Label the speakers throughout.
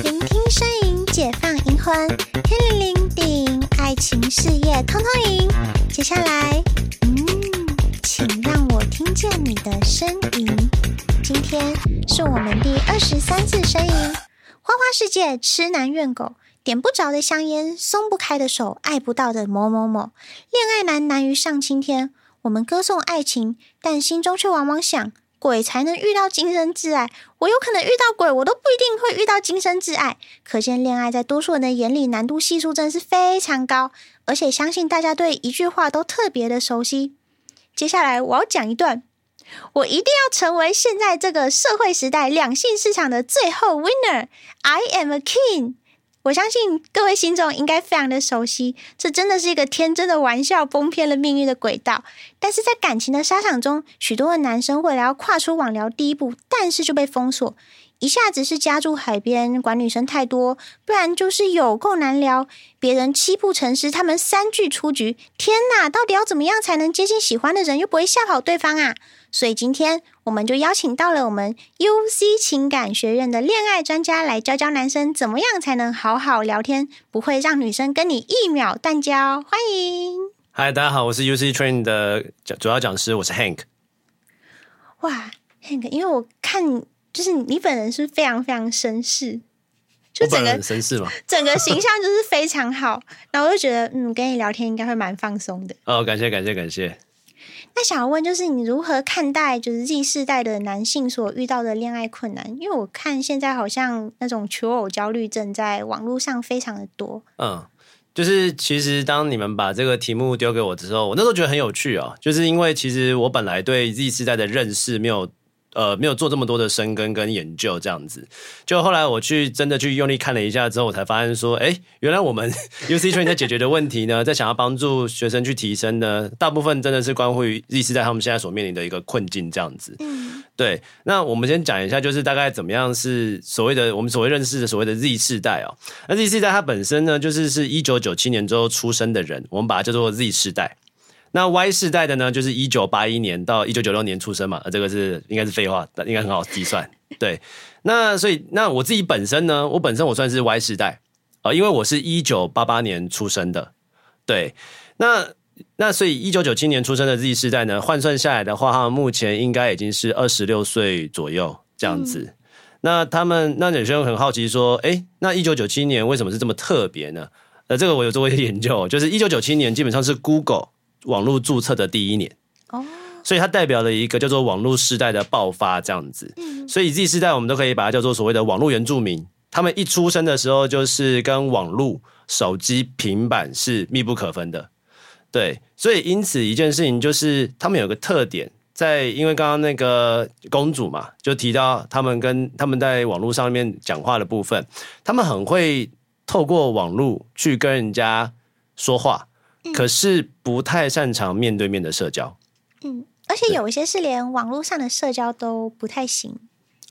Speaker 1: 聆聽聲音，解放銀魂，天靈靈，地靈靈，愛情事業通通贏。接下來，嗯，請讓我聽見你的聲音，今天是我們第二十三次聲音，花花世界，癡男怨狗。點不着的香煙，鬆不開的手，愛不到的某某某，戀愛難難於上青天。我們歌頌愛情，但心中卻往往想，鬼才能遇到今生摯愛。我有可能遇到鬼，我都不一定會遇到今生摯愛。可見，戀愛在多數人的眼裡，難度係數真是非常高。而且，相信大家對一句話都特別的熟悉。接下來，我要講一段：我一定要成為現在這個社會時代兩性市場的最後 winner。I am a king。我相信各位聽眾應該非常的熟悉，這真的是一個天真的玩笑，崩偏了命運的軌道。但是在感情的沙場中，許多的男生為了要跨出網聊第一步，但是就被封鎖，一下子是家住海邊，管女生太多，不然就是有夠難聊，別人七步成詩，他們三句出局。天哪，到底要怎麼樣才能接近喜歡的人，又不會嚇跑對方啊？所以今天我們就邀請到了我們 UC 情感學院的戀愛專家來教教男生，怎麼樣才能好好聊天，不會讓女生跟你一秒斷交。歡迎。
Speaker 2: 嗨，Hi, 大家好，我是 UC Training 的主要講師，我是 Hank。
Speaker 1: 哇，Hank，因為我看就是你本人是非常非常紳士，就整個
Speaker 3: 紳士嘛，
Speaker 1: 整個形象就是非常好，然後我就覺得，嗯，跟你聊天應該會蠻放鬆的。
Speaker 2: 哦，感謝，感謝，感謝。
Speaker 1: 那想要問就是你如何看待就是 Z 世代的男性所遇到的戀愛困難？因為我看現在好像那種求偶焦慮症在網絡上非常的多。嗯。
Speaker 2: 就是其實當你們把這個題目丟給我的時候，我那時候覺得很有趣啊、哦，就是因為其實我本來對 Z 世代的認識沒有呃沒有做這麼多的深耕跟研究，這樣子。就後來我去真的去用力看了一下之後，我才發現說，哎，原來我們 UC Training 在解決的問題呢，在想要幫助學生去提升呢，大部分真的是關乎於 Z 世代他們現在所面臨的一個困境這樣子。嗯對，那我們先講一下，就是大概怎麼樣是所謂的我們所謂認識的所謂的 Z 世代哦。那 Z 世代它本身呢，就是是一九九七年之後出生的人，我們把它叫做 Z 世代。那 Y 世代的呢，就是一九八一年到一九九六年出生嘛。啊，這個是應該是廢話，但應該很好計算。對，那所以那我自己本身呢，我本身我算是 Y 世代啊，因為我是一九八八年出生的。對，那。那所以，一九九七年出生的 Z 世代呢，換算下來的話，哈，目前應該已經是二十六歲左右這樣子。嗯、那他們，那有些人很好奇說，誒、欸，那一九九七年為什麼是這麼特別呢？呃，這個我有做一個研究，就是一九九七年基本上是 Google 網絡注冊的第一年哦，所以它代表了一個叫做網絡時代的爆發這樣子。所以 Z 世代我們都可以把它叫做所謂的網絡原住民，他們一出生的時候就是跟網絡、手機、平板是密不可分的。對，所以因此一件事情就是，他們有一個特點在，在因為剛剛那個公主嘛，就提到他們跟他們在網絡上面講話的部分，他們很會透過網絡去跟人家說話，嗯，可是不太擅長面對面的社交。
Speaker 1: 嗯，而且有一些是連網絡上的社交都不太行。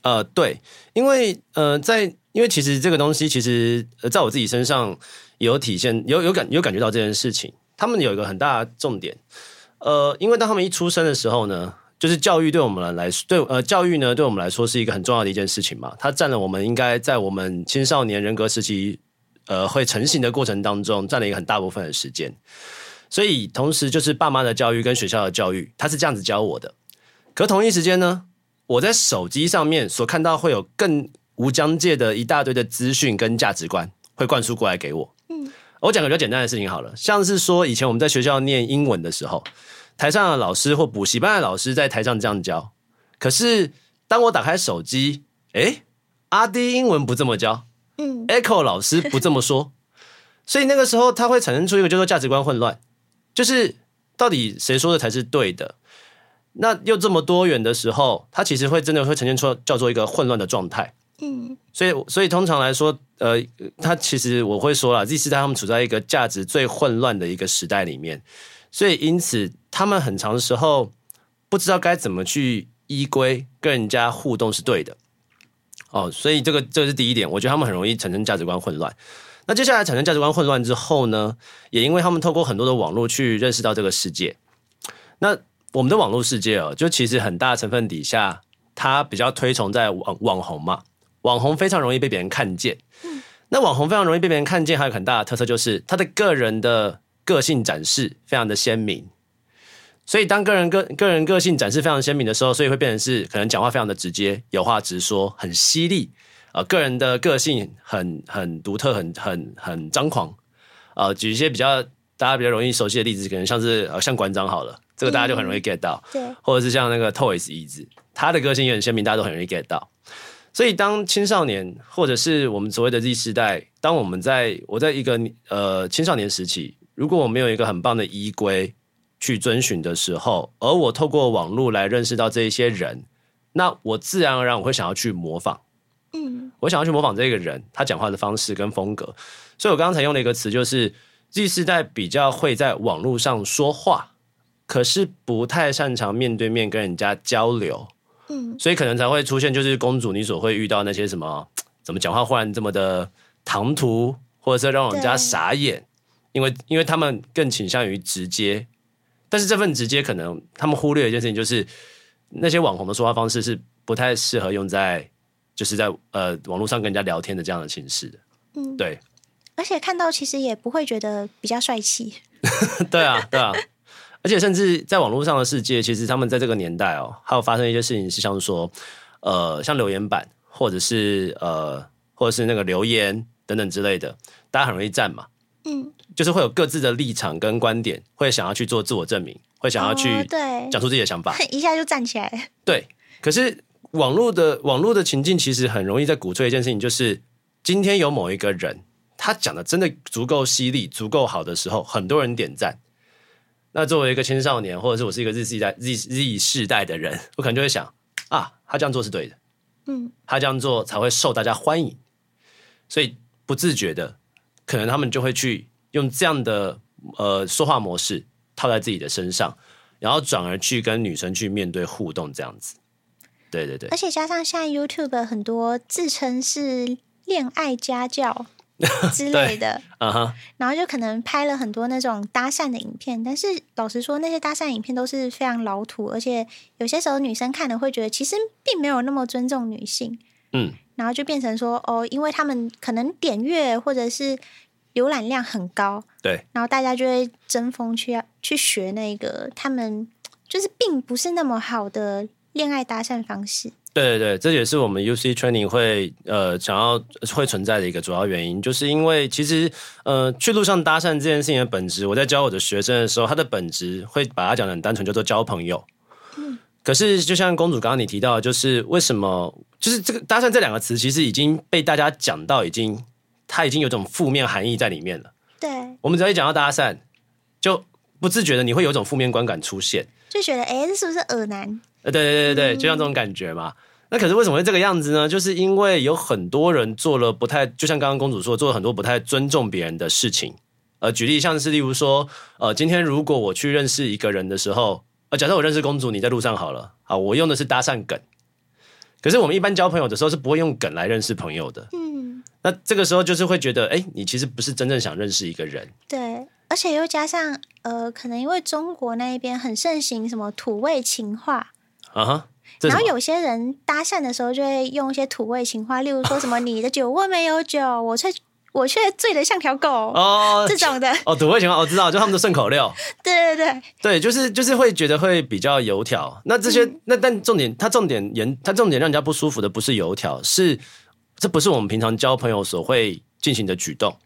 Speaker 2: 呃，對，因為呃，在因為其實這個東西其實在我自己身上有體現，有有感有感覺到這件事情。他們有一個很大的重點，呃，因為當他們一出生的時候呢，就是教育，對我們來來說，對，呃，教育呢，對我們來說是一個很重要的一件事情嘛，它占了我們應該在我們青少年人格時期，呃，會成型的過程當中，占了一個很大部分的時間。所以，同時就是爸媽的教育跟學校的教育，他是這樣子教我的。可同一時間呢，我在手機上面所看到會有更無疆界的一大堆的資訊跟價值觀，會灌輸過來給我。我講個比較簡單的事情好了，像是說以前我們在學校念英文的時候，台上的老師或補習班的老師在台上這樣教，可是當我打開手機，哎、欸，阿滴英文不這麼教，嗯
Speaker 3: ，Echo 老師不這麼
Speaker 2: 說，所以那個時候它會產生出一個叫做價值觀混亂，就是到底誰說的才是對的？那又這麼多元的時候，它其實會真的會呈現出叫做一個混亂的狀態。嗯，所以所以通常來說，呃，他其實我會說了，這世代他們處在一個價值最混亂的一個時代裡面，所以因此他們很長的時候不知道該怎麼去依歸跟人家互動是對的，哦，所以這個這是第一點，我覺得他們很容易產生價值觀混亂。那接下來產生價值觀混亂之後呢，也因為他們透過很多的網絡去認識到這個世界，那我們的網絡世界哦，就其實很大成分底下，他比較推崇在網網紅嘛。網紅非常容易被別人看見。嗯，那網紅非常容易被別人看見，還有很大的特色就是他的個人的個性展示非常的鮮明。所以當個人個個人個性展示非常鮮明的時候，所以會變成是可能講話非常的直接，有話直說，很犀利。呃，個人的個性很很獨特，很很很張狂。呃，舉一些比較大家比較容易熟悉的例子，可能像是呃像館長好了，這個大家就很容易 get 到。對，嗯，或者是像那個 Toys 一只，他的個性也很鮮明，大家都很容易 get 到。所以，當青少年或者是我們所謂的 Z 世代，當我們在我在一個呃青少年時期，如果我沒有一個很棒的依歸去遵循的時候，而我透過網絡來認識到這一些人，那我自然而然我會想要去模仿，嗯，我想要去模仿這個人，他講話的方式跟風格。所以我剛才用了一個詞就是 Z 世代比較會在網絡上說話，可是不太擅長面對面跟人家交流。嗯，所以可能才會出現，就是公主你所會遇到那些什麼，怎麼講話忽然這麼的唐突，或者是讓人家傻眼，對因為因為他們更傾向於直接，但是這份直接可能他們忽略一件事情，就是那些網紅的說話方式是不太適合用在就是在呃網絡上跟人家聊天的這樣的形式。嗯，對。
Speaker 1: 而且看到其實也不會覺得比較帥氣。
Speaker 2: 對啊，對啊。 而且，甚至在網絡上的世界，其實他們在這個年代哦、喔，還有發生一些事情，是像說，呃，像留言板，或者是呃，或者是那個留言等等之類的，大家很容易站嘛，嗯，就是會有各自的立場跟觀點，會想要去做自我證明，會想要去對講出自己的想法，
Speaker 1: 一下就站起來。對，
Speaker 2: 對，可是網絡的網絡的情境其實很容易在鼓吹一件事情，就是今天有某一個人他講的真的足夠犀利、足夠好的時候，很多人點讚。那作為一個青少年，或者是我是一個 Z 世代，Z, Z 世代的人，我可能就會想啊，他這樣做是對的，嗯，他這樣做才會受大家歡迎，所以不自覺的，可能他們就會去用這樣的呃說話模式套在自己的身上，然後轉而去跟女生去面對互動這樣子。對對對，而
Speaker 1: 且加上現在 YouTube 很多自稱是戀愛家教。 之類的，然後就可能拍了很多那種搭訕的影片，但是老實說，那些搭訕影片都是非常老土，而且有些時候女生看了會覺得其實並沒有那麼尊重女性。嗯，然後就變成說哦，因為他們可能點閱或者是瀏覽量很高，對，然後大家就會爭鋒去去學那個他們就是並不是那麼好的戀愛搭訕方式。
Speaker 2: 對對對，這也是我們 UC Training 會呃想要會存在的一個主要原因，就是因為其實呃去路上搭訕這件事情的本質，我在教我的學生的時候，他的本質會把他講的很單純，叫、就是、做交朋友。
Speaker 3: 嗯、
Speaker 2: 可是就像公主剛剛你提到，就是為什麼就是這個搭訕這兩個詞，其實已經被大家講到已經，他已經有種負面含義在裡面了。對。我們只要一講到搭訕，就不自覺的你會有種負面觀感出現，
Speaker 1: 就覺得哎，這是不是惡男？
Speaker 2: 呃，對對對對，就像這種感覺嘛。嗯那可是為什麼會這個樣子呢？就是因為有很多人做了不太，就像剛剛公主說，做了很多不太尊重別人的事情。呃，舉例像是例如說，呃，今天如果我去認識一個人的時候，呃，假設我認識公主，你在路上好了，好，我用的是搭訕梗。可是我們一般交朋友的時候是不會用梗來認識朋友的。嗯，那這個時候就是會覺得，哎、欸，你其實不是真正想認識一個人。
Speaker 1: 對，而且又加上，呃，可能因為中國那一邊很盛行什麼土味情話啊。
Speaker 3: Uh huh. 是，然後有
Speaker 1: 些人搭訕的時候就會用一些土味情話，例如說什麼“你的酒窩沒有酒， 我卻我卻醉得像條狗”哦，
Speaker 2: 這種的哦，土味情話我、哦、知道，就他們的順口溜。
Speaker 1: 對對對，
Speaker 2: 對，就是就是會覺得會比較油條。那這些、嗯、那但重點，他重點，嚴他重點，讓人家不舒服的不是油條，是這不是我們平常交朋友所會進行的舉動。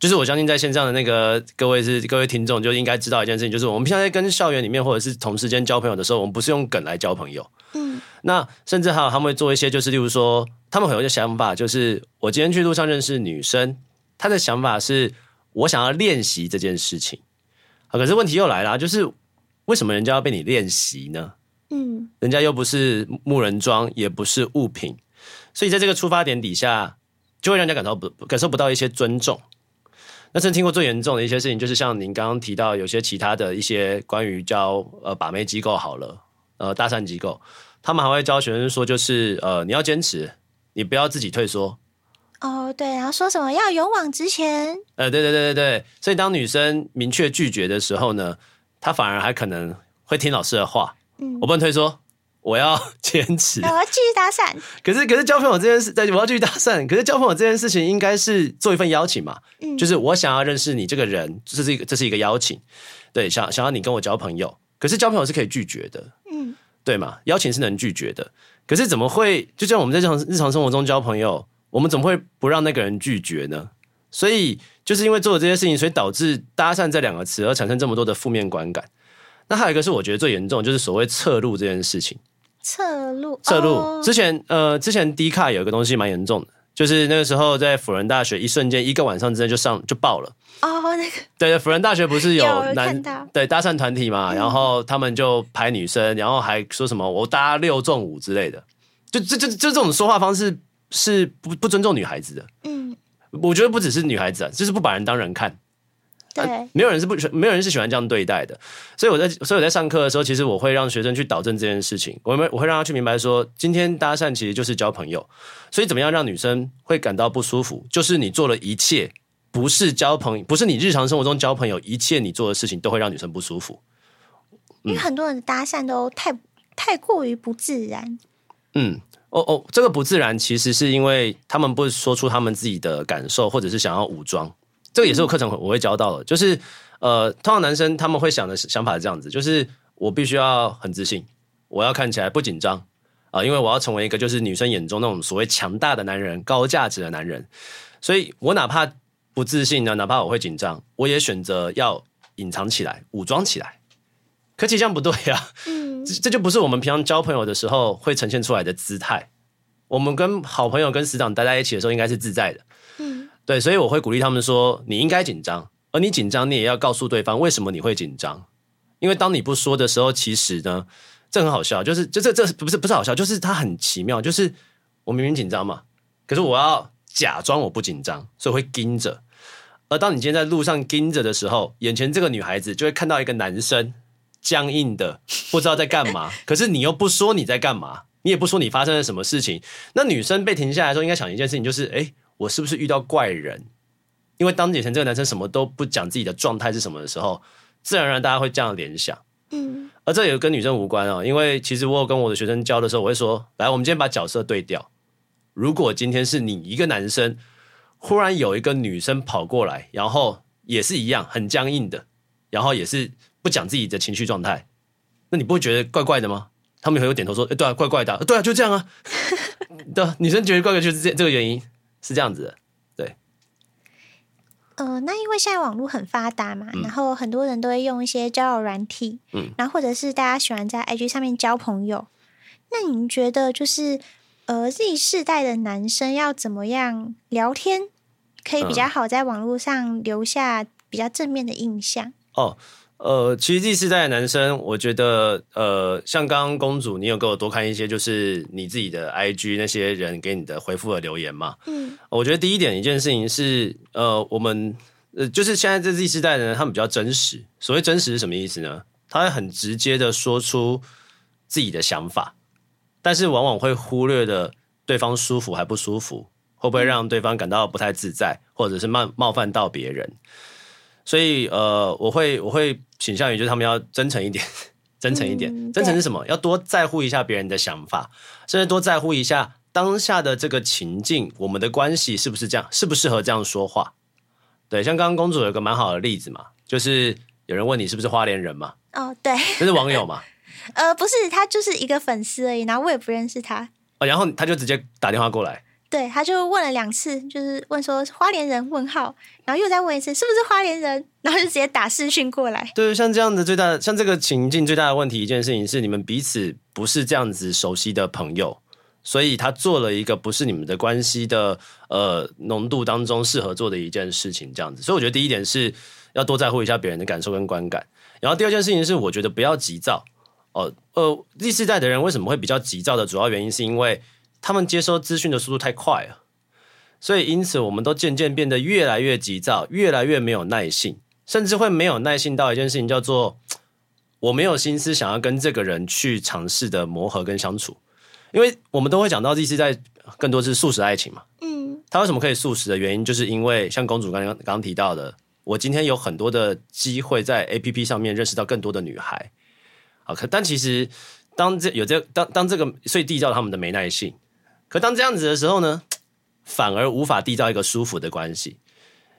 Speaker 2: 就是我相信在線上的那個各位是各位聽眾就應該知道一件事情，就是我們平常在跟校園裡面或者是同事間交朋友的時候，我們不是用梗來交朋友。嗯，那甚至還有他們會做一些，就是例如說，他們很有一個想法，就是我今天去路上認識女生，她的想法是我想要練習這件事情啊。可是問題又來了，就是為什麼人家要被你練習呢？嗯，人家又不是木人樁，也不是物品，所以在這個出發點底下，就會讓人家感到不感受不到一些尊重。那曾聽過最嚴重的一些事情，就是像您剛剛提到，有些其他的一些關於教呃把妹機構好了，呃搭訕機構，他們還會教學生說，就是呃你要堅持，你不要自己退縮。
Speaker 1: 哦，對，然後說什麼要勇往直前。
Speaker 2: 呃，對對對對對，所以當女生明確拒絕的時候呢，她反而還可能會聽老師的話，嗯，我不能退縮。我要堅持，我
Speaker 1: 要繼續搭訕。
Speaker 2: 可是，可是交朋友這件事，再我要繼續搭訕。可是，交朋友這件事情應該是做一份邀請嘛？嗯，就是我想要認識你這個人，這是一個，這是一個邀請。對，想想要你跟我交朋友。可是，交朋友是可以拒絕的。嗯，對嘛？邀請是能拒絕的。可是，怎麼會？就像我們在常日常生活中交朋友，我們怎麼會不讓那個人拒絕呢？所以，就是因為做了這些事情，所以導致“搭訕”這兩個詞而產生這麼多的負面觀感，感。那還有一個是我覺得最嚴重，就是所謂“側錄”這件事情。
Speaker 1: 側路，側路。之前，
Speaker 2: 呃，之前迪卡有一個東西蠻嚴重的，就是那個時候在輔仁大學，一瞬間一個晚上之內就上就爆
Speaker 1: 了。哦，oh, 那個，
Speaker 2: 對對，輔仁大學不是有男，有對，搭訕團體嘛，嗯，然後他們就排女生，然後還說什麼“我搭六中五”之類的，就這這這這種說話方式是不不尊重女孩子的。嗯，我覺得不只是女孩子，啊，就是不把人當人看。對。啊，沒有人是不喜，沒有人是喜歡這樣對待的。所以我在，所以我在上課的時候，其實我會讓學生去導正這件事情。我我我會讓他去明白說，今天搭訕其實就是交朋友。所以怎麼樣讓女生會感到不舒服，就是你做了一切，不是交朋友，不是你日常生活中交朋友，一切你做的事情都會讓女生不舒服。嗯。因
Speaker 1: 為很多人的搭訕都太太過於不自然。
Speaker 2: 嗯，哦哦，這個不自然其實是因為他們不說出他們自己的感受，或者是想要武裝。這個也是我課程我會教到的，嗯、就是呃，通常男生他們會想的想法是這樣子，就是我必須要很自信，我要看起來不緊張啊、呃，因為我要成為一個就是女生眼中那種所謂強大的男人、高價值的男人，所以我哪怕不自信呢、啊，哪怕我會緊張，我也選擇要隱藏起來、武裝起來。可其實這樣不對呀、啊嗯，這就不是我們平常交朋友的時候會呈現出來的姿態。我們跟好朋友、跟死黨待在一起的時候，應該是自在的。對，所以我會鼓勵他們說：“你應該緊張，而你緊張，你也要告訴對方為什麼你會緊張。因為當你不說的時候，其實呢，這很好笑，就是，就這，這不是，不是好笑，就是它很奇妙。就是我明明緊張嘛，可是我要假裝我不緊張，所以會盯着。而當你今天在路上盯着的時候，眼前這個女孩子就會看到一個男生僵硬的不知道在幹嘛，可是你又不說你在幹嘛，你也不說你發生了什麼事情。那女生被停下來的時候，應該想一件事情，就是，欸。”我是不是遇到怪人？因為當眼前這個男生什麼都不講自己的狀態是什麼的時候，自然而然大家會這樣聯想。嗯，而這也跟女生無關啊、哦，因為其實我有跟我的學生教的時候，我會說：來，我們今天把角色對調。如果今天是你一個男生，忽然有一個女生跑過來，然後也是一樣很僵硬的，然後也是不講自己的情緒狀態，那你不會覺得怪怪的嗎？他們有很多點頭說：哎，對啊，怪怪的啊，對啊，就這樣啊。對啊，女生覺得怪怪就是這這個原因。是這樣子的，對。
Speaker 1: 呃，那因為現在網絡很發達嘛，嗯、然後很多人都會用一些交友軟體，嗯，然後或者是大家喜歡在 IG 上面交朋友。那你覺得，就是呃 Z 世代的男生要怎麼樣聊天，可以比較好在網絡上留下比較正面的印象？
Speaker 2: 嗯、哦。呃，其實 Z 世代的男生，我覺得，呃，像剛剛公主，你有給我多看一些就是你自己的 IG 那些人給你的回復和留言嘛？嗯，我覺得第一點一件事情是，呃，我們呃，就是現在這 Z 世代的人，他們比較真實。所謂真實是什麼意思呢？他會很直接的說出自己的想法，但是往往會忽略的對方舒服還不舒服，會不會讓對方感到不太自在，或者是冒冒犯到別人。所以，呃，我會我會傾向於就是他們要真誠一點，真誠一點，嗯、真誠是什麼？要多在乎一下別人的想法，甚至多在乎一下當下的這個情境，我們的關係是不是這樣，適不適合這樣說話？對，像剛剛公主有個蠻好的例子嘛，就是有人問你是不是花蓮人嘛，
Speaker 1: 哦，對，就是網友嘛？呃，不是，他就是一個粉絲而已，然後我也不認識他。
Speaker 2: 哦，然後他就直接打電話過來。
Speaker 1: 對，他就問了兩次，就是問說“花蓮人？”問號，然後又再問一次是不是“花蓮人”，然後就直接打視訊過來。
Speaker 2: 對，像這樣的最大，像這個情境最大的問題，一件事情是你們彼此不是這樣子熟悉的朋友，所以他做了一個不是你們的關係的呃濃度當中適合做的一件事情，這樣子。所以我覺得第一點是要多在乎一下別人的感受跟觀感，然後第二件事情是我覺得不要急躁。哦，呃，第四代的人為什麼會比較急躁的主要原因是因為。他們接收資訊的速度太快了，所以因此我們都漸漸變得越來越急躁，越來越沒有耐性，甚至會沒有耐性到一件事情叫做我沒有心思想要跟這個人去嘗試的磨合跟相處。因為我們都會講到這次在更多是速食愛情嘛，嗯，他為什麼可以速食的原因，就是因為像公主剛剛剛提到的，我今天有很多的機會在 APP 上面認識到更多的女孩，啊，可但其實當這有這當當這個，所以締造了他們的沒耐性。可當這樣子的時候呢，反而無法締造一個舒服的關係。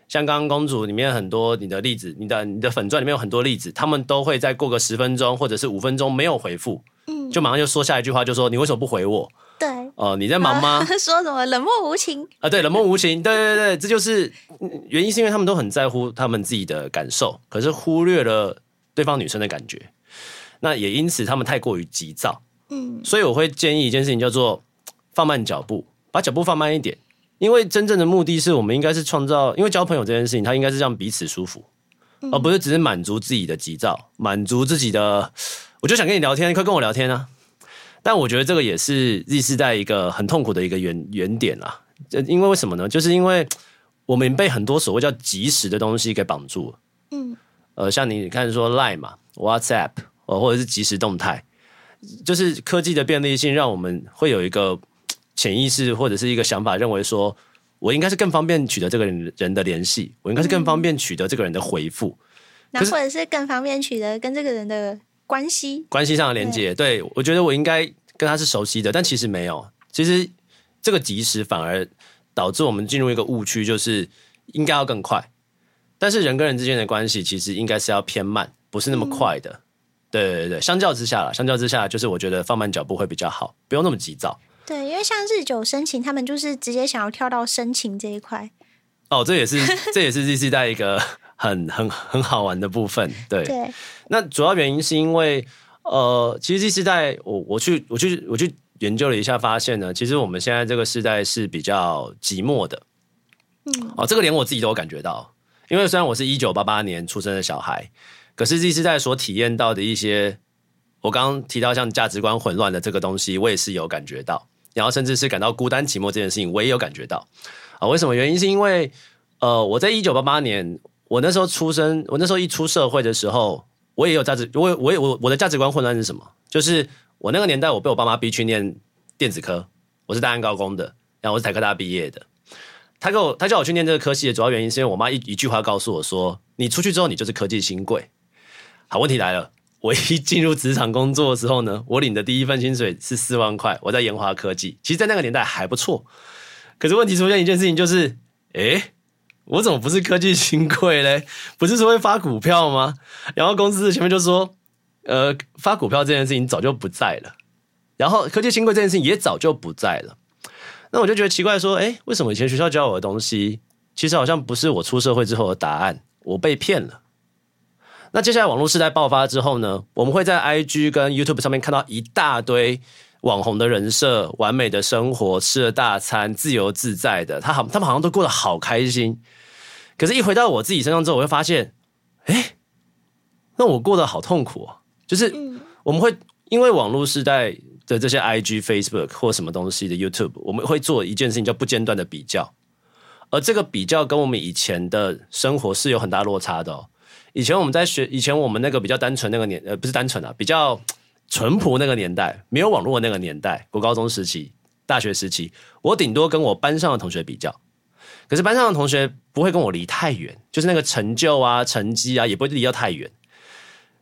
Speaker 2: 像《剛剛公主》裡面很多你的例子，你的你的粉鑽裡面有很多例子，他們都會再過個十分鐘或者是五分鐘沒有回覆，嗯，就馬上就說下一句話，就說你為什麼不回我？對，哦、呃，你在忙嗎？啊、
Speaker 1: 說什麼冷漠無情
Speaker 2: 啊？對，冷漠無情，對對對對，這就是原因，是因為他們都很在乎他們自己的感受，可是忽略了對方女生的感覺。那也因此他們太過於急躁，嗯，所以我會建議一件事情叫做。放慢腳步，把腳步放慢一點，因為真正的目的是我們應該是創造，因為交朋友這件事情，它應該是讓彼此舒服，嗯、而不是只是滿足自己的急躁，滿足自己的我就想跟你聊天，快跟我聊天啊！但我覺得這個也是歷史在一個很痛苦的一個原原點啊，因為為什麼呢？就是因為我們被很多所謂叫即時的東西給綁住，嗯，呃，像你你看說 LINE 嘛，WhatsApp，呃，或者是即時動態，就是科技的便利性讓我們會有一個。潛意識或者是一個想法，認為說我應該是更方便取得這個人的聯繫，我應該是更方便取得這個人的回復，
Speaker 1: 那、嗯、是或者是更方便取得跟這個人的關係，
Speaker 2: 關係上的連接。對，對我覺得我應該跟他是熟悉的，但其實沒有。其實這個即時，反而導致我們進入一個誤區，就是應該要更快，但是人跟人之間的關係其實應該是要偏慢，不是那麼快的。嗯、對對對，對，相較之下啦，相較之下就是我覺得放慢腳步會比較好，不用那麼急躁。
Speaker 1: 對，因為像日久生情，他們就是直接想要跳到生情這一塊。
Speaker 2: 哦，這也是這也是 Z 世代一個很很很，很好玩的部分，對。
Speaker 1: 對。
Speaker 2: 那主要原因是因為呃，其實 Z 世代，我我去我去我去研究了一下，發現呢，其實我們現在這個世代是比較寂寞的。嗯，哦，這個連我自己都有感覺到，因為雖然我是一九八八年出生的小孩，可是 Z 世代所體驗到的一些，我剛剛提到像價值觀混亂的這個東西，我也是有感覺到。然後甚至是感到孤單寂寞這件事情，我也有感覺到啊。為什麼？原因是因為呃，我在一九八八年，我那時候出生，我那時候一出社會的時候，我也有價值。我我我我的價值觀混亂是什麼？就是我那個年代，我被我爸媽逼去念電子科。我是大安高工的，然後我是台科大畢業的。他給我，他叫我去念這個科系的主要原因，是因為我媽一一句話告訴我說：“你出去之後，你就是科技新貴。”好，問題來了。我一進入職場工作的時候呢，我領的第一份薪水是四萬塊，我在研華科技。其實，在那個年代還不錯。可是，問題出現一件事情，就是，誒、欸，我怎麼不是科技新貴嘞？不是說會發股票嗎？然後公司前面就說，呃，發股票這件事情早就不在了，然後科技新貴這件事情也早就不在了。那我就覺得奇怪，說，誒、欸，為什麼以前學校教我的東西，其實好像不是我出社會之後的答案，我被騙了。那接下來網絡時代爆發之後呢，我們會在 IG 跟 YouTube 上面看到一大堆網紅的人設、完美的生活、吃了大餐、自由自在的。他好，他們好像都過得好開心。可是，一回到我自己身上之後，我會發現，哎、欸，那我過得好痛苦啊！就是我們會因為網絡時代的這些 IG、Facebook 或什麼東西的 YouTube，我們會做一件事情叫不間斷的比較，而這個比較跟我們以前的生活是有很大落差的哦。以前我們在學，以前我們那個比較單純那個年，呃，不是單純啊，比較淳樸那個年代，沒有網絡的那個年代，國高中時期、大學時期，我頂多跟我班上的同學比較，可是班上的同學不會跟我離太遠，就是那個成就啊、成績啊，也不會離得太遠。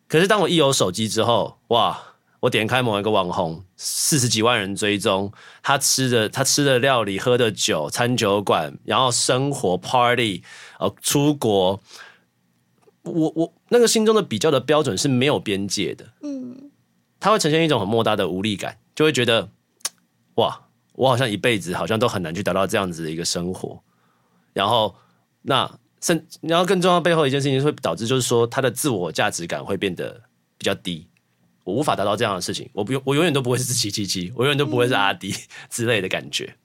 Speaker 2: 可是當我一有手機之後，哇，我點開某一個網紅，四十幾萬人追蹤，他吃的他吃的料理、喝的酒、餐酒館，然後生活 party，呃，出國。我我那個心中的比較的標準是沒有邊界的，嗯，他會呈現一種很莫大的無力感，就會覺得，哇，我好像一輩子好像都很難去達到這樣子的一個生活。然後，那甚，然後更重要背後一件事情會導致就是說，他的自我價值感會變得比較低。我無法達到這樣的事情，我不，我永遠都不會是七七七，我永遠都不會是阿迪、嗯、之類的感覺。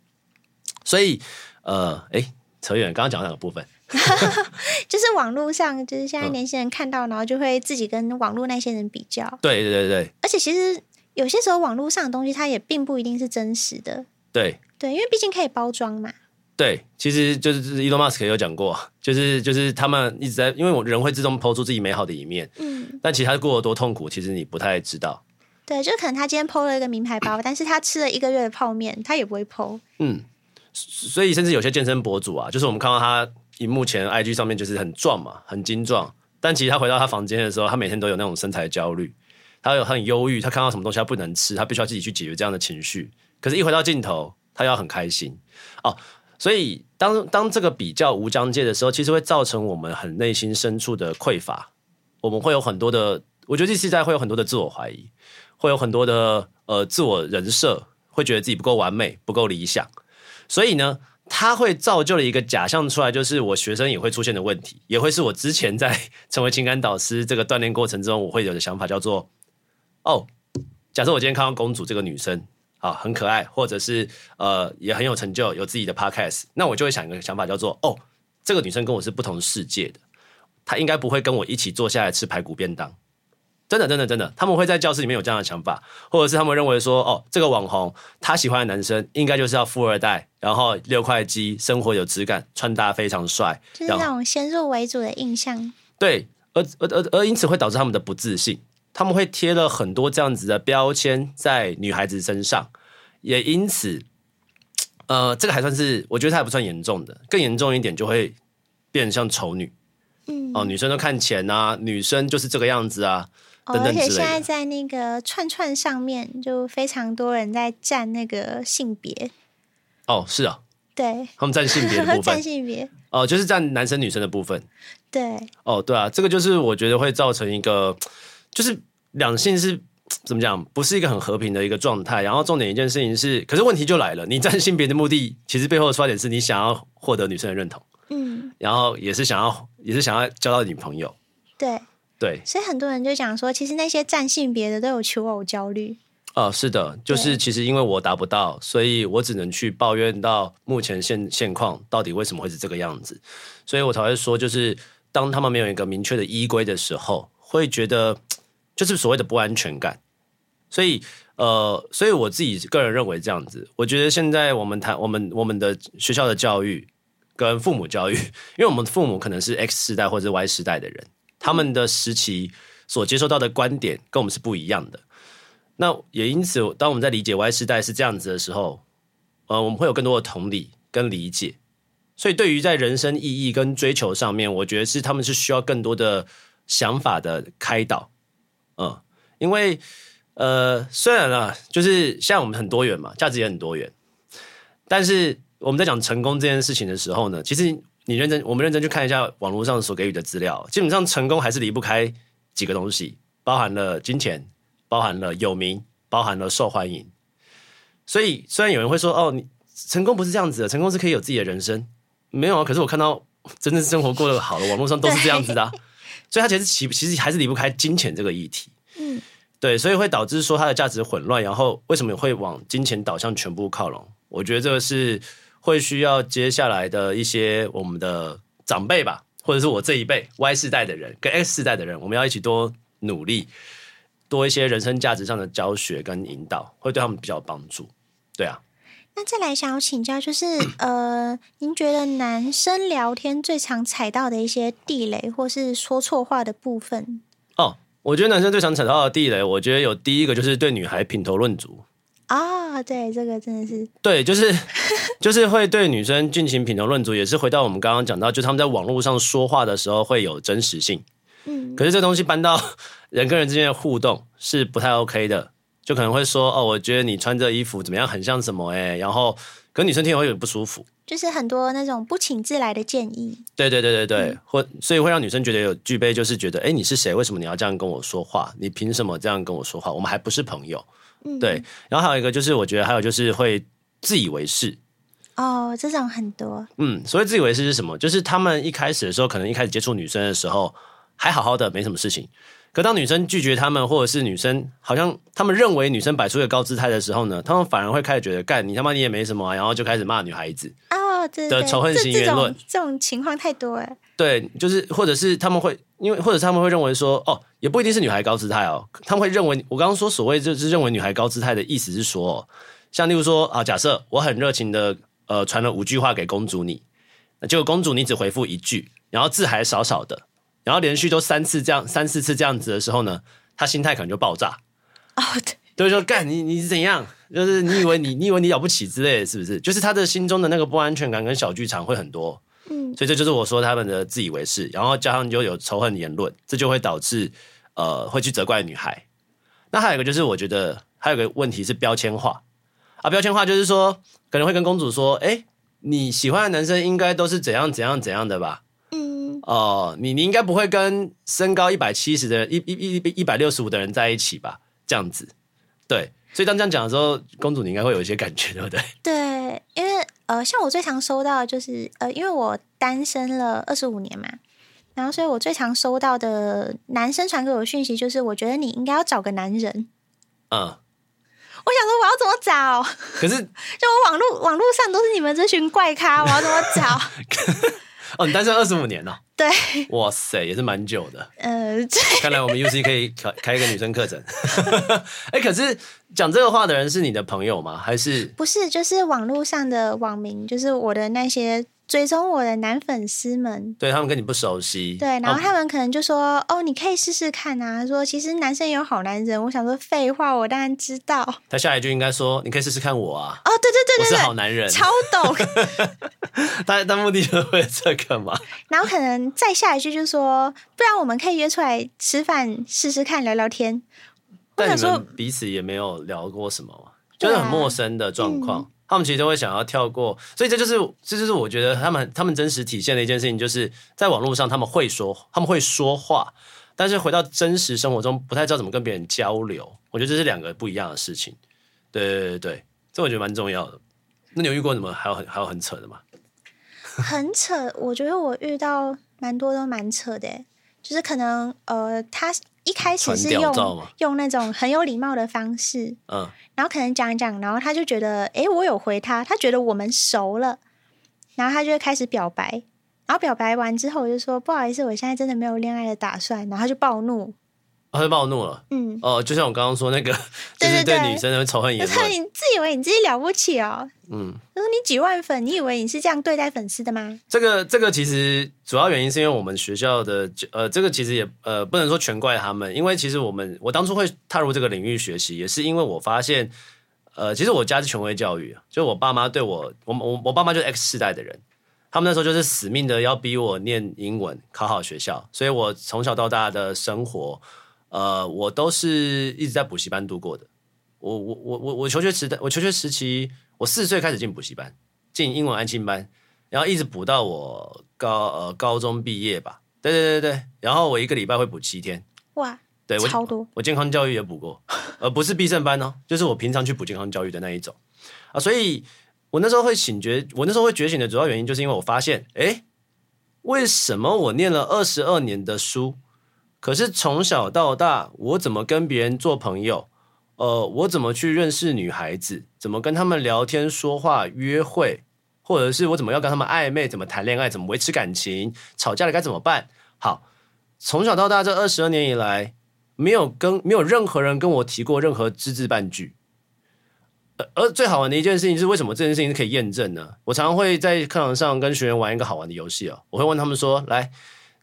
Speaker 2: 所以，呃，誒，扯遠，剛剛講哪個部分？
Speaker 1: 就是網絡上，就是現在年輕人看到，然後就會自己跟網絡那些人比較。
Speaker 2: 對對對對。
Speaker 1: 而且其實有些時候網絡上的東西，它也並不一定是真實的。對。對，因為畢竟可以包裝嘛、嗯。
Speaker 2: 對，其實就是 Elon Musk 有講過，就是就是他們一直在，因為我人會自動 po 出自己美好的一面。嗯。但其實他過得多痛苦，其實你不太知道。
Speaker 1: 對，就是可能他今天 po 了一個名牌包，但是他吃了一個月的泡麵，他也不會 po。嗯。
Speaker 2: 所以甚至有些健身博主啊，就是我們看到他。你目前 IG 上面就是很壯嘛，很精壯，但其實他回到他房間的時候，他每天都有那種身材焦慮，他有他很憂鬱，他看到什麼東西他不能吃，他必須要自己去解決這樣的情緒。可是，一回到鏡頭，他要很開心哦。所以當，當當這個比較無疆界的時候，其實會造成我們很內心深處的匱乏，我們會有很多的，我覺得這次在會有很多的自我懷疑，會有很多的呃自我人設，會覺得自己不夠完美，不夠理想。所以呢？它會造就了一個假象出來，就是我學生也會出現的問題，也會是我之前在成為情感導師這個鍛鍊過程中，我會有的想法，叫做哦，假設我今天看到公主這個女生啊，很可愛，或者是呃也很有成就，有自己的 podcast，那我就會想一個想法，叫做哦，這個女生跟我是不同世界的，她應該不會跟我一起坐下來吃排骨便當。真的，真的，真的，他們會在教室裡面有這樣的想法，或者是他們認為說，哦，這個網紅他喜歡的男生應該就是要富二代，然後六塊肌，生活有質感，穿搭非常帥，就是那種
Speaker 1: 先入為主的印象。
Speaker 2: 對，而而而而因此會導致他們的不自信，他們會貼了很多這樣子的標籤在女孩子身上，也因此，呃，這個還算是我覺得他也不算嚴重的，更嚴重一點就會變成像醜女，
Speaker 1: 嗯，哦，女
Speaker 2: 生都看錢啊，女生就是這個樣子啊。等等哦、而且現在
Speaker 1: 在那個串串上面，就非常多人在占那個性別。
Speaker 2: 哦，是啊。
Speaker 1: 對。他們占性別的部分。占 性別
Speaker 2: 別。哦，就是占男生女生的部分。對。哦，對啊，這個就是我覺得會造成一個，就是兩性是怎麼講，不是一個很和平的一個狀態。然後重點一件事情是，可是問題就來了，你占性別的目的，嗯、其實背後的出發點是你想要獲得女生的認同，嗯，然後也是想要，也是想要交到女朋友。對。對，
Speaker 1: 所以很多人就講說，其實那些占性別的都有求偶焦慮
Speaker 2: 哦，是的，就是其實因為我達不到，對所以我只能去抱怨到目前現現況到底為什麼會是這個樣子，所以我才會說，就是當他們沒有一個明確的依歸的時候，會覺得就是所謂的不安全感。所以呃，所以我自己個人認為這樣子，我覺得現在我們談我們我們的學校的教育跟父母教育，因為我們父母可能是 X 世代或者 Y 世代的人。他們的時期所接受到的觀點跟我們是不一樣的，那也因此，當我們在理解 Y 世代是這樣子的時候，呃，我們會有更多的同理跟理解。所以，對於在人生意義跟追求上面，我覺得是他們是需要更多的想法的開導，嗯，因為呃，雖然啊，就是現在我們很多元嘛，價值也很多元，但是我們在講成功這件事情的時候呢，其實。你認真，我們認真去看一下網絡上所給予的資料，基本上成功還是離不開幾個東西，包含了金錢，包含了有名，包含了受歡迎。所以雖然有人會說，哦，你成功不是這樣子的，成功是可以有自己的人生，沒有啊。可是我看到真正生活過得好的網絡上都是這樣子的啊。對，所以他其實其其實還是離不開金錢這個議題。
Speaker 3: 嗯，
Speaker 2: 對，所以會導致說它的價值混亂，然後為什麼會往金錢導向全部靠攏？我覺得這個是。會需要接下來的一些我們的長輩吧，或者是我這一輩 Y 世代的人跟 X 世代的人，我們要一起多努力，多一些人生價值上的教學跟引導，會對他們比較有幫助。對
Speaker 3: 啊，
Speaker 1: 那再來想要請教，就是 呃，您覺得男生聊天最常踩到的一些地雷，或是說錯話的部分？
Speaker 2: 哦，我覺得男生最常踩到的地雷，我覺得有第一個就是對女孩品頭論足。
Speaker 1: 啊，oh, 對，這個真的是。
Speaker 2: 對，就是就是會對女生進行品頭論足，也是回到我們剛剛講到，就是、他們在網絡上說話的時候會有真實性。嗯，可是這東西搬到人跟人之間的互動是不太 OK 的，就可能會說哦，我覺得你穿這衣服怎麼樣，很像什麼哎、欸，然後可女生聽我會有點不舒服，
Speaker 1: 就是很多那種不請自來的建議。
Speaker 2: 對對對對對，嗯、或所以會讓女生覺得有具備，就是覺得哎，你是誰？為什麼你要這樣跟我說話？你憑什麼這樣跟我說話？我們還不是朋友。對，嗯、然後還有一個就是，我覺得還有就是會自以為是
Speaker 1: 哦，這種很多。
Speaker 2: 嗯，所以自以為是是什麼？就是他們一開始的時候，可能一開始接觸女生的時候還好好的，沒什麼事情。可當女生拒絕他們，或者是女生好像他們認為女生擺出一個高姿態的時候呢，他們反而會開始覺得幹你他媽你也沒什麼，啊，然後就開始罵女孩子
Speaker 1: 啊、哦，的仇恨型言論這這，這種情況太多哎。
Speaker 2: 對，就是或者是他們會因為或者他們會認為說哦，也不一定是女孩高姿態哦，他們會認為我剛剛說所謂就是認為女孩高姿態的意思是說哦，像例如說啊，假設我很熱情的呃，傳了五句話給公主你，結果公主你只回復一句，然後字還少少的，然後連續都三次這樣三四次這樣子的時候呢，他心態可能就爆炸啊，oh, 對，就說幹你你是怎樣，就是你以為你你以為你了不起之類的是不是？就是他的心中的那個不安全感跟小劇場會很多。所以這就是我說他們的自以為是，然後加上就有仇恨言論，這就會導致呃，會去責怪女孩。那還有一個就是，我覺得還有個問題是標籤化啊，標籤化就是說可能會跟公主說，哎、欸，你喜歡的男生應該都是怎樣怎樣怎樣的吧？嗯，哦，你你應該不會跟身高一百七十的人，一一一一百六十五的人在一起吧？這樣子，對。所以當這樣講的時候，公主你應該會有一些感覺，對不對？
Speaker 1: 對，因為呃，像我最常收到的就是呃，因為我單身了二十五年嘛，然後所以我最常收到的男生傳給我的訊息就是，我覺得你應該要找個男人。
Speaker 2: 嗯，
Speaker 1: 我想說，我要怎麼找？可是， 就我網絡網絡上都是你們這群怪咖，我要怎麼找？
Speaker 2: 哦，你單身二十五年了，啊？對，哇塞，也是蠻久的。
Speaker 1: 呃，看來我們 UC 可以
Speaker 2: 開開一個女生課程。哎， 可是講這個話的人是你的朋友嗎？還是？
Speaker 1: 不是，就是網絡上的網民，就是我的那些。追蹤我的男粉絲們，
Speaker 2: 對他們跟你不熟悉，對，然後他
Speaker 1: 們可能就說：“ Okay. 哦，你可以試試看啊。”他說其實男生也有好男人，我想說廢話，我當然知道。
Speaker 2: 他下一句應該說：“你可以試試看我啊。”
Speaker 1: 哦，對對對對對，我是好男人，超懂。
Speaker 2: 他的目的就是為了這個嘛。
Speaker 1: 然後可能再下一句就是說：“不然我們可以約出來吃飯試試看，聊聊天。”我想說
Speaker 2: 彼此也沒有聊過什麼，就是、啊、很陌生的狀況。嗯他們其實都會想要跳過，所以這就是，這就是我覺得他們他們真實體現的一件事情，就是在網絡上他們會說，他們會說話，但是回到真實生活中，不太知道怎麼跟別人交流。我覺得這是兩個不一樣的事情，對對對對，這我覺得蠻重要的。那你有遇過什麼？還有很還有很扯的嗎？
Speaker 1: 很扯，我覺得我遇到蠻多都蠻扯的，就是可能呃他。一開始是用用那種很有禮貌的方式，嗯，然後可能講講，然後他就覺得，誒，我有回他，他覺得我們熟了，然後他就會開始表白，然後表白完之後，我就說不好意思，我現在真的沒有戀愛的打算，然後他就暴怒。
Speaker 2: 他、啊、就暴怒了。嗯，哦，就像我剛剛說那個，對對對 就是對女生的仇恨言，你
Speaker 1: 自以為你自己了不起哦。嗯。他說：“你幾萬粉，你以為你是這樣對待粉絲的嗎？”
Speaker 2: 這個這個其實主要原因是因為我們學校的，呃，這個其實也呃不能說全怪他們，因為其實我們我當初會踏入這個領域學習，也是因為我發現，呃，其實我家是權威教育，就是我爸媽對我，我我我爸媽就是 X 世代的人，他們那時候就是死命的要逼我念英文，考好學校，所以我從小到大的生活。呃，我都是一直在補習班度過的。我我我我我求學時代，我求學時期，我四歲開始進補習班，進英文安親班，然後一直補到我高呃高中畢業吧。對對對對。然後我一個禮拜會補七天，哇，對我超多。我健康教育也補過，呃，不是必勝班哦，就是我平常去補健康教育的那一種啊、呃。所以我那時候會醒覺，我那時候會覺醒的主要原因，就是因為我發現，哎、欸，為什麼我念了二十二年的書？可是從小到大，我怎麼跟別人做朋友？呃，我怎麼去認識女孩子？怎麼跟他們聊天說話、約會？或者是我怎麼要跟他們曖昧？怎麼談戀愛？怎麼維持感情？吵架了該怎麼辦？好，從小到大這二十二年以來，沒有跟沒有任何人跟我提過任何隻字半句。呃，而最好玩的一件事情是，為什麼這件事情是可以驗證呢？我常常會在課堂上跟學員玩一個好玩的遊戲哦。我會問他們說：“來。”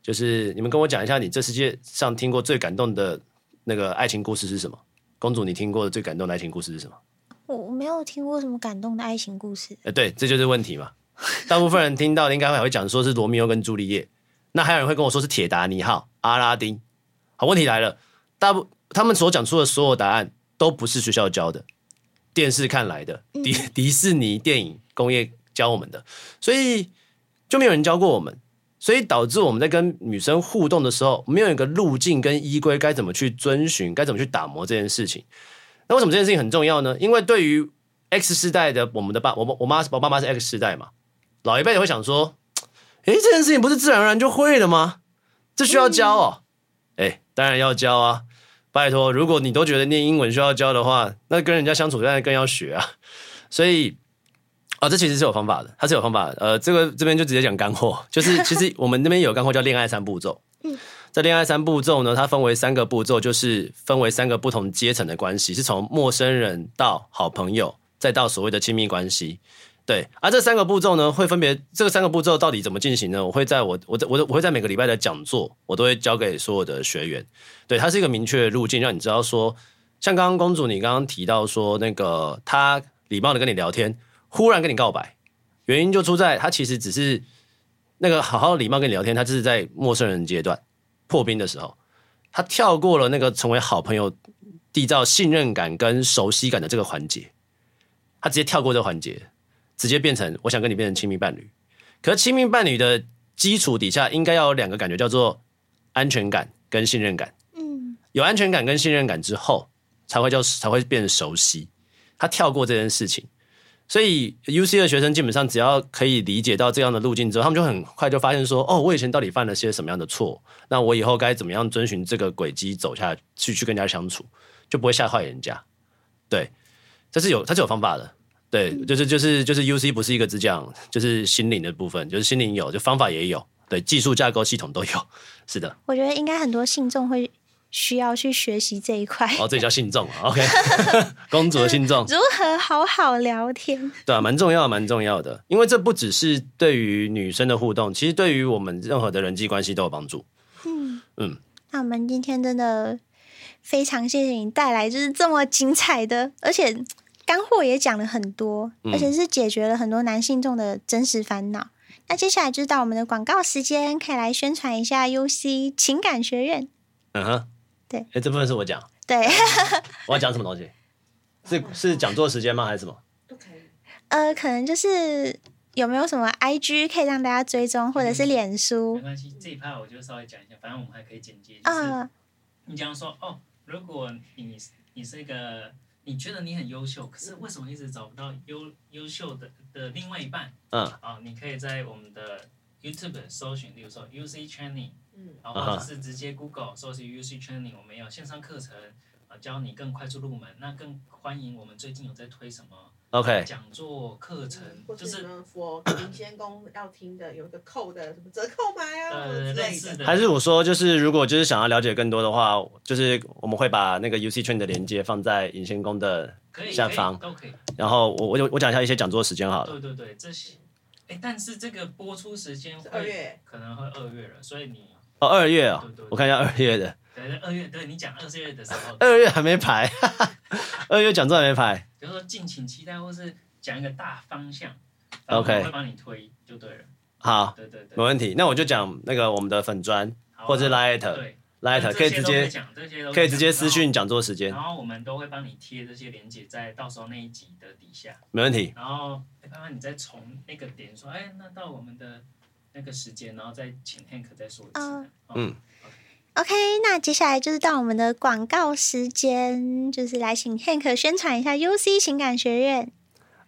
Speaker 2: 就是你們跟我講一下，你這世界上聽過最感動的那個愛情故事是什麼？公主，你聽過的最感動的愛情故事是什麼？
Speaker 1: 我，我沒有聽過什麼感動的愛情故事。
Speaker 2: 呃、欸，對，這就是問題嘛。大部分人聽到應該還會講說是羅密歐跟朱麗葉， 那還有人會跟我說是鐵達尼號、阿拉丁。好，問題來了，大部他們所講出的所有答案都不是學校教的，電視看來的，嗯、迪迪士尼電影工業教我們的，所以就沒有人教過我們。所以導致我們在跟女生互動的時候，沒有一個路徑跟依歸該怎麼去遵循，該怎麼去打磨這件事情。那為什麼這件事情很重要呢？因為對於 X 世代的我們的爸、我、我我媽、我爸媽是 X 世代嘛，老一輩也會想說：“哎、欸，這件事情不是自然而然就會了嗎？這需要教哦。嗯”哎、欸，當然要教啊！拜托，如果你都覺得念英文需要教的話，那跟人家相處當然更要學啊！所以。啊、哦，這其實是有方法的，它是有方法的。呃，這個這邊就直接講乾貨，就是其實我們那邊有乾貨叫戀愛三步驟。嗯，在戀愛三步驟呢，它分為三個步驟，就是分為三個不同階層的關係，是從陌生人到好朋友，再到所謂的親密關係。對，而、啊、這三個步驟呢，會分別這個三個步驟到底怎麼進行呢？我會在我我在我我我會在每個禮拜的講座，我都會教給所有的學員。對，它是一個明確的路徑，讓你知道說，像剛剛公主你剛剛提到說，那個他禮貌的跟你聊天。忽然跟你告白，原因就出在他其實只是那個好好禮貌跟你聊天，他只是在陌生人階段破冰的時候，他跳過了那個成為好朋友、締造信任感跟熟悉感的這個環節，他直接跳過這個環節，直接變成我想跟你變成親密伴侶。可是親密伴侶的基礎底下應該要有兩個感覺，叫做安全感跟信任感。嗯，有安全感跟信任感之後，才會叫才會變成熟悉。他跳過這件事情。所以 UC 的學生基本上只要可以理解到這樣的路徑之後，他們就很快就發現說：哦，我以前到底犯了些什麼樣的錯？那我以後該怎麼樣遵循這個軌跡走下去去跟人家相處，就不會嚇壞人家。對，這是有，他是有方法的。對，嗯、就是就是就是 UC 不是一個只講就是心靈的部分，就是心靈有，就方法也有，對，技術架構系統都有。是的，
Speaker 1: 我覺得應該很多信眾會。需要去學習這一塊哦，
Speaker 2: 這叫信眾 ，OK， 公主的信眾如
Speaker 1: 何好好聊天？
Speaker 2: 對啊，蠻重要，蠻重要的，因為這不只是對於女生的互動，其實對於我們任何的人際關係都有幫助。嗯
Speaker 1: 嗯，嗯那我們今天真的非常謝謝你帶來就是這麼精彩的，而且乾貨也講了很多，而且是解決了很多男性眾的真實煩惱。嗯、那接下來就到我們的廣告時間，可以來宣傳一下 UC 情感學院。嗯哼、
Speaker 2: uh。Huh. 對，哎、欸，這部分是我講。
Speaker 1: 對，
Speaker 2: 我要講什麼東西？是是講座時間嗎？還是什麼？都
Speaker 1: 可以。呃，可能就是有沒有什麼 IG 可以讓大家追蹤，或者是臉書、嗯？沒關係，
Speaker 3: 這一趴我就稍微講一下，反正我們還可以剪接。啊、就是，嗯、你假如說，哦，如果你你是一個，你覺得你很優秀，可是為什麼一直找不到優優秀的的另外一半？嗯，哦，你可以在我們的。YouTube 搜尋，例如說 UC Training，嗯，然後或者是直接 Google 搜尋 UC Training，我們有線上課程，呃，教你更快速入門。那更歡迎我們最近有在推什麼？OK，講座課程，或者是什
Speaker 1: 麼我寅仙宮要聽的，有一個扣的什麼折扣碼啊，類似的。
Speaker 2: 還是我說，就是如果就是想要了解更多的話，就是我們會把那個 UC Training 的連接放在寅仙宮的下方可以。然後我我我講一下一些講座時間好
Speaker 3: 了。對對對，這些。哎，
Speaker 2: 但是這個播出時間會，是二月。可能會二月了，所以你
Speaker 3: 哦二月哦，對對對對，我看一下二月的，對二月對，你講二月
Speaker 2: 的時候，二 月還沒排，哈哈二月講座還沒排，比如
Speaker 3: 說敬請期待，或是講一個大方向，OK，會幫你推就對了，好，對對對，沒
Speaker 2: 問題，那我就講那個我們的粉專對或者 Light Light, 可以直接可以直接私訊講座時間，然後
Speaker 3: 我們都會幫你貼這些鏈接在到時候那一集的底下。沒問題。然後,哎、然後你看看你再從那個點說，哎，那到我們的那個時間，然後再請 Hank 再
Speaker 2: 說
Speaker 1: 一次、啊。嗯。OK，那接下來就是到我們的廣告時間，就是來請 Hank 宣傳一下 UC 情感學院。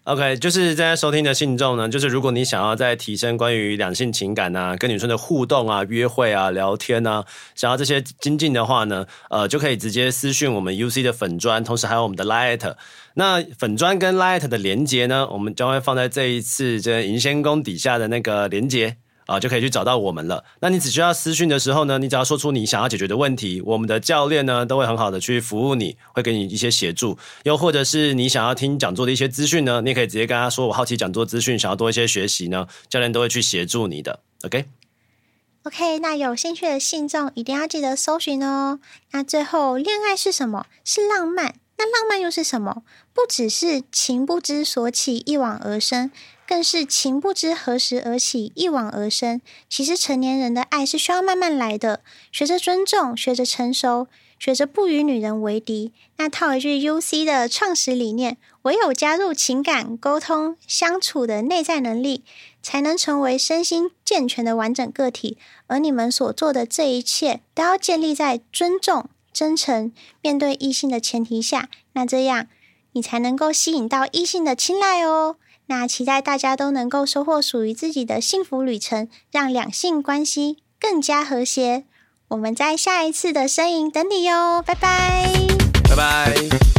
Speaker 2: OK，就是在收聽的信眾呢，就是如果你想要再提升關於兩性情感吶、啊、跟女生的互動啊、約會啊、聊天吶、啊。想要這些精進的話呢，呃，就可以直接私訊我們 UC 的粉專，同時還有我們的 LINE。那粉專跟 LINE 的連接呢，我們將會放在這一次這寅仙宮底下的那個連接。啊，就可以去找到我們了。那你只需要私訊的時候呢，你只要說出你想要解決的問題，我們的教練呢都會很好的去服務你，會給你一些協助。又或者是你想要聽講座的一些資訊呢，你也可以直接跟他說：“我好奇講座資訊，想要多一些學習呢。”教練都會去協助你的。OK，OK，、okay?
Speaker 1: okay, 那有興趣的信眾一定要記得搜尋哦。那最後，戀愛是什麼？是浪漫。那浪漫又是什麼？不只是情不知所起，一往而深。更是情不知何時而起，一往而深。其實成年人的愛是需要慢慢來的，學着尊重，學着成熟，學着不與女人為敵。那套一句 UC 的創始理念，唯有加入情感溝通相處的內在能力，才能成為身心健全的完整個體。而你們所做的這一切，都要建立在尊重、真誠面對異性的前提下。那這樣，你才能夠吸引到異性的青睞哦。那期待大家都能夠收穫屬於自己的幸福旅程，讓兩性關係更加和諧。我們在下一次的聲寅等你喲，拜拜，
Speaker 2: 拜拜。